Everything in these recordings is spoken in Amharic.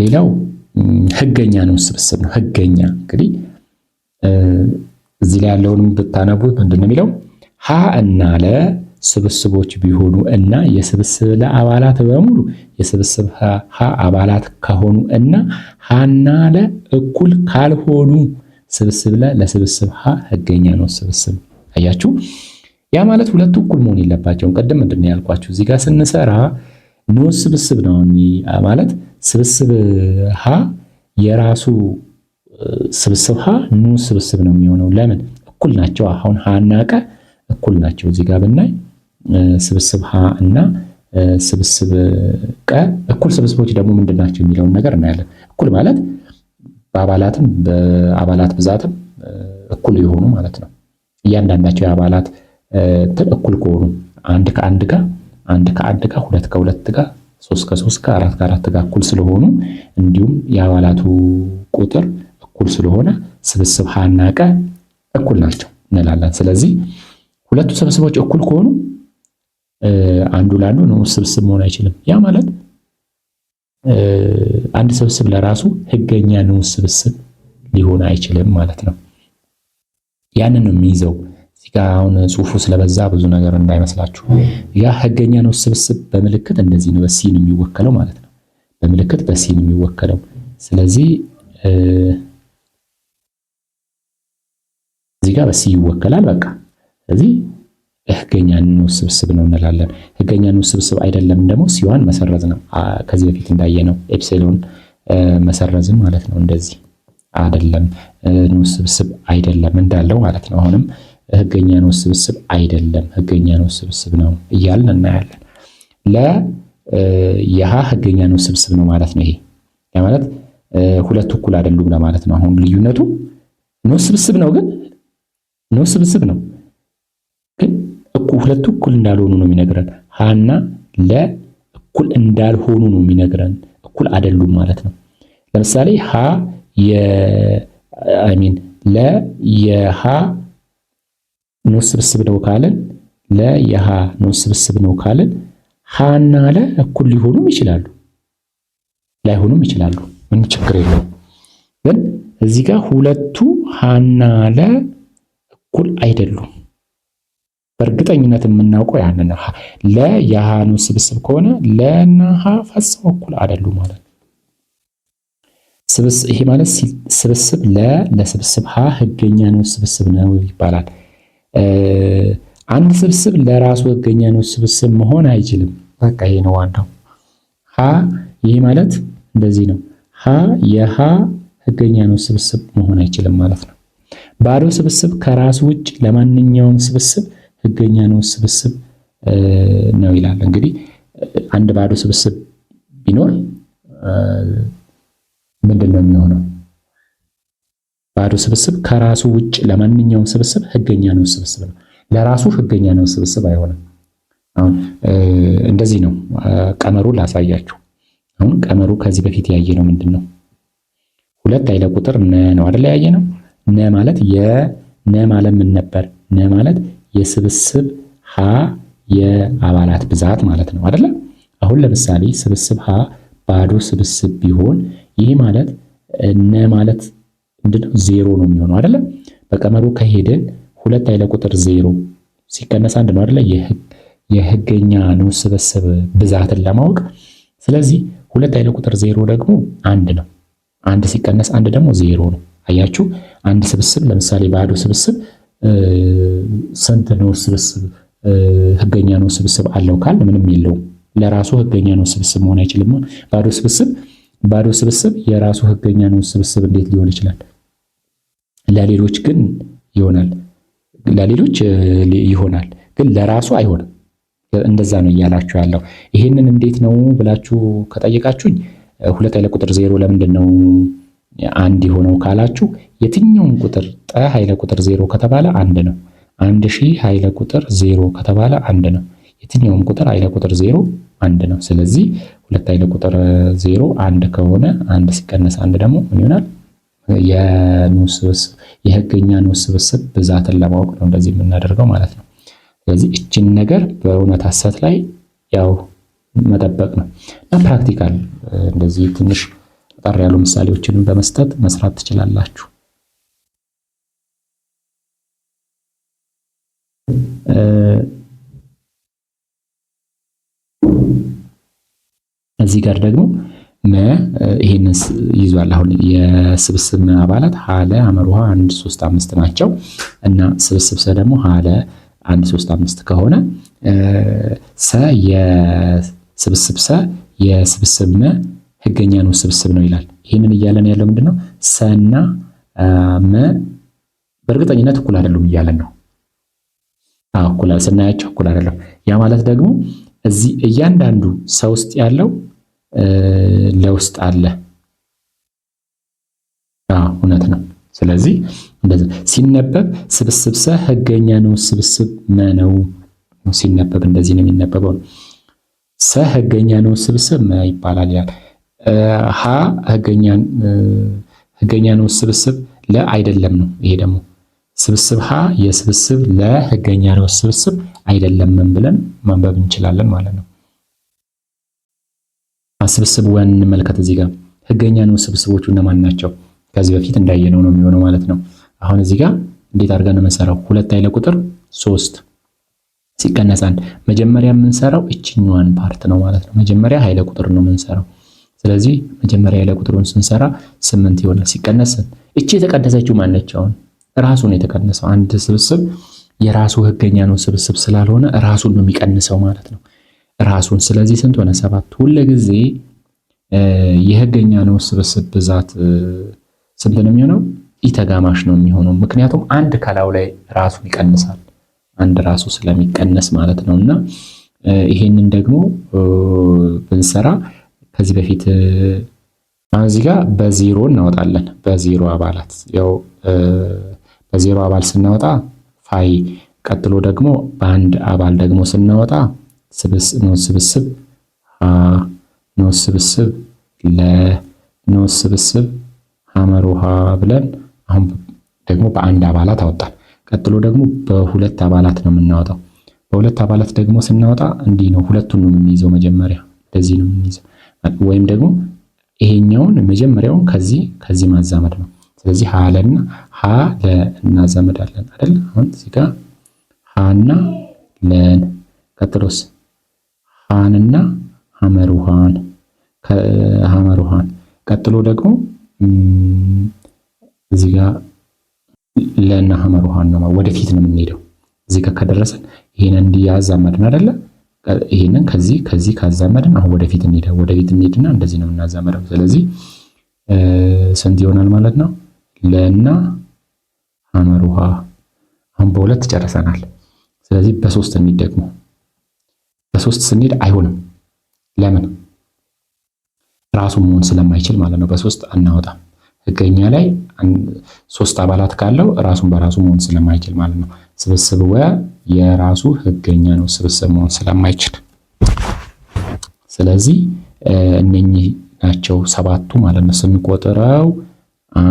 ሌላው ህገኛ ነው ስብስብ ነው። ህገኛ እንግዲህ እዚህ ላይ ያለውንም ብታነቡት ምንድን ነው የሚለው ሀ እና ለ ስብስቦች ቢሆኑ እና የስብስብ ለአባላት አባላት በሙሉ የስብስብ ሀ አባላት ከሆኑ እና ሀና ለ እኩል ካልሆኑ ስብስብ ለ ለስብስብ ሀ ህገኛ ነው ስብስብ። አያችሁ፣ ያ ማለት ሁለቱ እኩል መሆን የለባቸውም። ቅድም ምንድን ነው ያልኳችሁ እዚህ ጋር ስንሰራ ኖ ስብስብ ነው ማለት ስብስብ ሀ የራሱ ስብስብ ሀ ንዑስ ስብስብ ነው የሚሆነው። ለምን እኩል ናቸው። አሁን ሀ እና ቀ እኩል ናቸው። እዚህ ጋር ብናይ ስብስብ ሀ እና ስብስብ ቀ እኩል ስብስቦች ደግሞ ምንድን ናቸው የሚለውን ነገር እናያለን። እኩል ማለት በአባላትም በአባላት ብዛትም እኩል የሆኑ ማለት ነው። እያንዳንዳቸው የአባላት እኩል ከሆኑ አንድ ከአንድ ጋር አንድ ከአንድ ጋር ሁለት ከሁለት ጋር ሶስት ከሶስት ከአራት ከአራት ጋር እኩል ስለሆኑ እንዲሁም የአባላቱ ቁጥር እኩል ስለሆነ ስብስብ ሀና ቀ እኩል ናቸው እንላለን። ስለዚህ ሁለቱ ስብስቦች እኩል ከሆኑ አንዱ ለአንዱ ንዑስ ስብስብ መሆን አይችልም። ያ ማለት አንድ ስብስብ ለራሱ ህገኛ ንዑስ ስብስብ ሊሆን አይችልም ማለት ነው። ያንን ነው የሚይዘው እዚጋ አሁን ጽሁፉ ስለበዛ ብዙ ነገር እንዳይመስላችሁ። ያ ህገኛ ነው ስብስብ በምልክት እንደዚህ ነው፣ በሲ ነው የሚወከለው ማለት ነው። በምልክት በሲ ነው የሚወከለው። ስለዚህ እዚጋ በሲ ይወከላል። በቃ ስለዚህ ህገኛ ንዑስ ስብስብ ነው እንላለን። ህገኛ ንዑስ ስብስብ አይደለም ደግሞ ሲዋን መሰረዝ ነው። ከዚህ በፊት እንዳየነው ኤፕሲሎን መሰረዝ ማለት ነው። እንደዚህ አይደለም፣ ንዑስ ስብስብ አይደለም እንዳለው ማለት ነው። አሁንም ህገኛ ነው ስብስብ አይደለም፣ ህገኛ ነው ስብስብ ነው እያልን እናያለን። ለ ህገኛ ነው ስብስብ ነው ማለት ነው። ይሄ ማለት ሁለቱ እኩል አይደሉም ለማለት ነው። አሁን ልዩነቱ ነው ስብስብ ነው፣ ግን ነው ስብስብ ነው ግን ሁለቱ እኩል እንዳልሆኑ ነው የሚነግረን። ሃና ለ እኩል እንዳልሆኑ ነው የሚነግረን። እኩል አይደሉም ማለት ነው። ለምሳሌ ሃ የ አይ ሚን ለ ንዑስ ስብስብ ነው ካለን ለ የሀ ንዑስ ስብስብ ነው ካለን ሀና ለ እኩል ሊሆኑም ይችላሉ፣ ላይሆኑም ይችላሉ። ምን ችግር የለው። ግን እዚህ ጋር ሁለቱ ሀና ለ እኩል አይደሉም። በእርግጠኝነት የምናውቀው ያንን ነው። ለ የሀ ንዑስ ስብስብ ከሆነ ለና ሀ ፈጽሞ እኩል አይደሉም ማለት ነው። ይሄ ማለት ስብስብ ለ ለስብስብ ሀ ህገኛ ነው ስብስብ ነው ይባላል። አንድ ስብስብ ለራሱ ህገኛ ነው ስብስብ መሆን አይችልም። በቃ ይሄ ነው ዋናው። ሀ ይህ ማለት እንደዚህ ነው። ሀ የሀ ህገኛ ነው ስብስብ መሆን አይችልም ማለት ነው። ባዶ ስብስብ ከራሱ ውጭ ለማንኛውም ስብስብ ወገኛ ነው ስብስብ ነው ይላል። እንግዲህ አንድ ባዶ ስብስብ ቢኖር ምንድን ነው የሚሆነው? ባዶ ስብስብ ከራሱ ውጭ ለማንኛውም ስብስብ ህገኛ ነው ስብስብ ነው። ለራሱ ህገኛ ነው ስብስብ አይሆንም። አሁን እንደዚህ ነው ቀመሩ ላሳያችሁ። አሁን ቀመሩ ከዚህ በፊት ያየ ነው ምንድን ነው? ሁለት አይለ ቁጥር ነ ነው አይደል? ያየ ነው ነ ማለት የነ ማለት ምን ነበር? ነ ማለት የስብስብ ሀ የአባላት ብዛት ማለት ነው አይደለ? አሁን ለምሳሌ ስብስብ ሀ ባዶ ስብስብ ቢሆን ይህ ማለት ነ ማለት ምንድነው ዜሮ ነው የሚሆነው አይደለ? በቀመሩ ከሄድን ሁለት ኃይለ ቁጥር ዜሮ ሲቀነስ አንድ ነው አይደለ? የህገኛ ንዑስ ስብስብ ብዛትን ለማወቅ ስለዚህ ሁለት ኃይለ ቁጥር ዜሮ ደግሞ አንድ ነው። አንድ ሲቀነስ አንድ ደግሞ ዜሮ ነው። አያችሁ አንድ ስብስብ ለምሳሌ ባዶ ስብስብ ስንት ነው ስብስብ ህገኛ ነው ስብስብ አለው ካል ምንም የለውም። ለራሱ ህገኛ ነው ስብስብ መሆን አይችልም። ባዶ ስብስብ ባዶ ስብስብ የራሱ ህገኛ ነው ስብስብ እንዴት ሊሆን ይችላል? ለሌሎች ግን ይሆናል። ለሌሎች ይሆናል ግን ለራሱ አይሆንም። እንደዛ ነው እያላችሁ ያለው። ይሄንን እንዴት ነው ብላችሁ ከጠየቃችሁኝ ሁለት ኃይለ ቁጥር ዜሮ ለምንድን ነው አንድ የሆነው ካላችሁ የትኛውም ቁጥር ጠ ኃይለ ቁጥር ዜሮ ከተባለ አንድ ነው። አንድ ሺህ ኃይለ ቁጥር ዜሮ ከተባለ አንድ ነው። የትኛውም ቁጥር ኃይለ ቁጥር ዜሮ አንድ ነው። ስለዚህ ሁለት ኃይለ ቁጥር ዜሮ አንድ ከሆነ አንድ ሲቀነስ አንድ ደግሞ ምን ይሆናል? የንዑስ ስብስብ የህገኛ ንዑስ ስብስብ ብዛትን ለማወቅ ነው እንደዚህ የምናደርገው ማለት ነው። ስለዚህ እችን ነገር በእውነት ሀሰት ላይ ያው መጠበቅ ነው እና ፕራክቲካል እንደዚህ ትንሽ ጠር ያሉ ምሳሌዎችንም በመስጠት መስራት ትችላላችሁ። እዚህ ጋር ደግሞ መ ይህንን ይዟል። አሁን የስብስብ መ አባላት ሀለ አመሩሃ አንድ ሶስት አምስት ናቸው እና ስብስብ ሰ ደግሞ ሀለ አንድ ሶስት አምስት ከሆነ ሰ የስብስብ ሰ የስብስብ መ ህገኛ ንዑስ ስብስብ ነው ይላል። ይህንን እያለን ያለው ምንድን ነው? ሰና መ በእርግጠኝነት እኩል አይደሉም እያለን ነው። እኩል ስናያቸው እኩል አይደለም። ያ ማለት ደግሞ እዚህ እያንዳንዱ ሰው ውስጥ ያለው ለውስጥ አለ። እውነት ነው። ስለዚህ እንደዚህ ሲነበብ ስብስብ ሰ ህገኛ ነው፣ ስብስብ መ ነው። ሲነበብ እንደዚህ ነው የሚነበበው። ሰ ህገኛ ነው፣ ስብስብ መ ይባላል ይላል። ሀ ህገኛ ህገኛ ነው፣ ስብስብ ለ አይደለም ነው። ይሄ ደግሞ ስብስብ ሀ የስብስብ ለ ህገኛ ስብስብ አይደለም ብለን ማንበብ እንችላለን ማለት ነው። አስብስብ ወን እንመልከት። እዚህ ጋር ህገኛ ነው። ስብስቦቹ እነማን ናቸው? ከዚህ በፊት እንዳየነው ነው የሚሆነው ማለት ነው። አሁን እዚህ ጋር እንዴት አድርገን የምንሰራው? ሁለት ኃይለ ቁጥር ሶስት ሲቀነስ አንድ። መጀመሪያ የምንሰራው እችኛዋን ፓርት ነው ማለት ነው። መጀመሪያ ኃይለ ቁጥር ነው የምንሰራው። ስለዚህ መጀመሪያ ኃይለ ቁጥሩን ስንሰራ ስምንት ይሆናል። ሲቀነስ እቺ የተቀነሰችው ማነች? አሁን ራሱ ነው የተቀነሰው። አንድ ስብስብ የራሱ ህገኛ ነው ስብስብ ስላልሆነ ራሱን ነው የሚቀንሰው ማለት ነው። ራሱን ስለዚህ ስንት ሆነ ሰባት ሁልጊዜ የህገኛ ነው ስብስብ ብዛት ስንት ነው የሚሆነው ኢተጋማሽ ነው የሚሆነው ምክንያቱም አንድ ከላዩ ላይ ራሱን ይቀንሳል አንድ ራሱ ስለሚቀነስ ማለት ነው እና ይሄንን ደግሞ ብንሰራ ከዚህ በፊት እዚህ ጋር በዜሮ እናወጣለን በዜሮ አባላት ያው በዜሮ አባል ስናወጣ ፋይ ቀጥሎ ደግሞ በአንድ አባል ደግሞ ስናወጣ ንዑስ ስብስብ ሀ፣ ንዑስ ስብስብ ለ፣ ንዑስ ስብስብ ሐመር ውሃ ብለን አሁን ደግሞ በአንድ አባላት አወጣን። ቀጥሎ ደግሞ በሁለት አባላት ነው የምናወጣው። በሁለት አባላት ደግሞ ስናወጣ እንዲህ ነው፣ ሁለቱን ነው የምንይዘው። መጀመሪያ እንደዚህ ነው የምንይዘው፣ ወይም ደግሞ ይሄኛውን መጀመሪያውን ከዚህ ከዚህ ማዛመድ ነው። ስለዚህ ሀ ለና ሀ ለ እናዛመዳለን አይደል? አሁን እዚህ ጋር ሀና ለን ቀጥሎስ ሃንና ሀመሩሃን ሀመሩሃን ቀጥሎ ደግሞ እዚህ ጋር ለና ሀመሩሃን ነው ወደፊት ነው የምንሄደው። እዚህ ጋር ከደረሰን ይሄንን እንዲያዛመድን አይደለ? ይሄንን ከዚህ ከዚህ ካዛመድን አሁን ወደፊት እንሄደ ወደፊት እንሄድና እንደዚህ ነው የምናዛመደው። ስለዚህ ስንት ይሆናል ማለት ነው? ለና ሀመሩሃ አሁን በሁለት ጨርሰናል። ስለዚህ በሶስት እንሂድ ደግሞ በሶስት ስንሄድ አይሆንም። ለምን? ራሱ መሆን ስለማይችል ማለት ነው። በሶስት አናወጣም። ህገኛ ላይ ሶስት አባላት ካለው ራሱን በራሱ መሆን ስለማይችል ማለት ነው። ስብስብ ወ የራሱ ህገኛ ነው፣ ስብስብ መሆን ስለማይችል። ስለዚህ እነኚህ ናቸው ሰባቱ ማለት ነው። ስንቆጥረው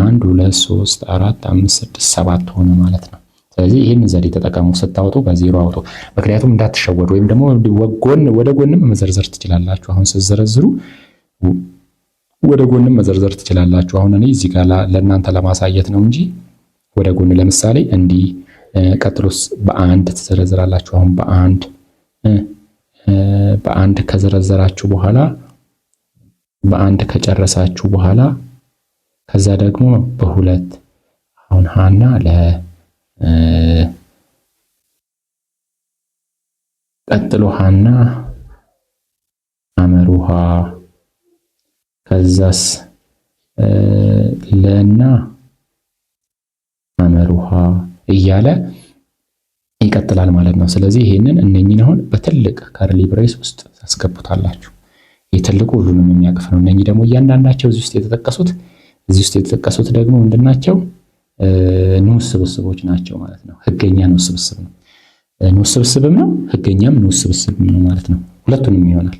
አንድ ሁለት ሶስት አራት አምስት ስድስት ሰባት ሆነ ማለት ነው። ስለዚህ ይህን ዘዴ ተጠቀሙ። ስታወጡ በዜሮ አውጡ። ምክንያቱም እንዳትሸወዱ ወይም ደግሞ ወደ ጎንም መዘርዘር ትችላላችሁ። አሁን ስትዘረዝሩ ወደ ጎንም መዘርዘር ትችላላችሁ። አሁን እኔ እዚህ ጋር ለእናንተ ለማሳየት ነው እንጂ ወደ ጎን ለምሳሌ እንዲህ ቀጥሎስ በአንድ ትዘረዝራላችሁ። አሁን በአንድ በአንድ ከዘረዘራችሁ በኋላ በአንድ ከጨረሳችሁ በኋላ ከዛ ደግሞ በሁለት አሁን ሀና ለ ቀጥሎ ሃና አመሩሃ ከዛስ ለና አመሩሃ እያለ ይቀጥላል ማለት ነው። ስለዚህ ይሄንን እነኚህን አሁን በትልቅ ከርሊ ብሬስ ውስጥ ታስገቡታላችሁ። የትልቁ ሁሉንም የሚያቅፍ ነው። እነኚህ ደግሞ እያንዳንዳቸው እዚህ ውስጥ የተጠቀሱት እዚህ ውስጥ የተጠቀሱት ደግሞ ናቸው ንዑስ ስብስቦች ናቸው ማለት ነው። ህገኛ ንዑስ ስብስብ ነው። ንዑስ ስብስብም ነው፣ ህገኛም ንዑስ ስብስብ ነው ማለት ነው። ሁለቱንም ይሆናል።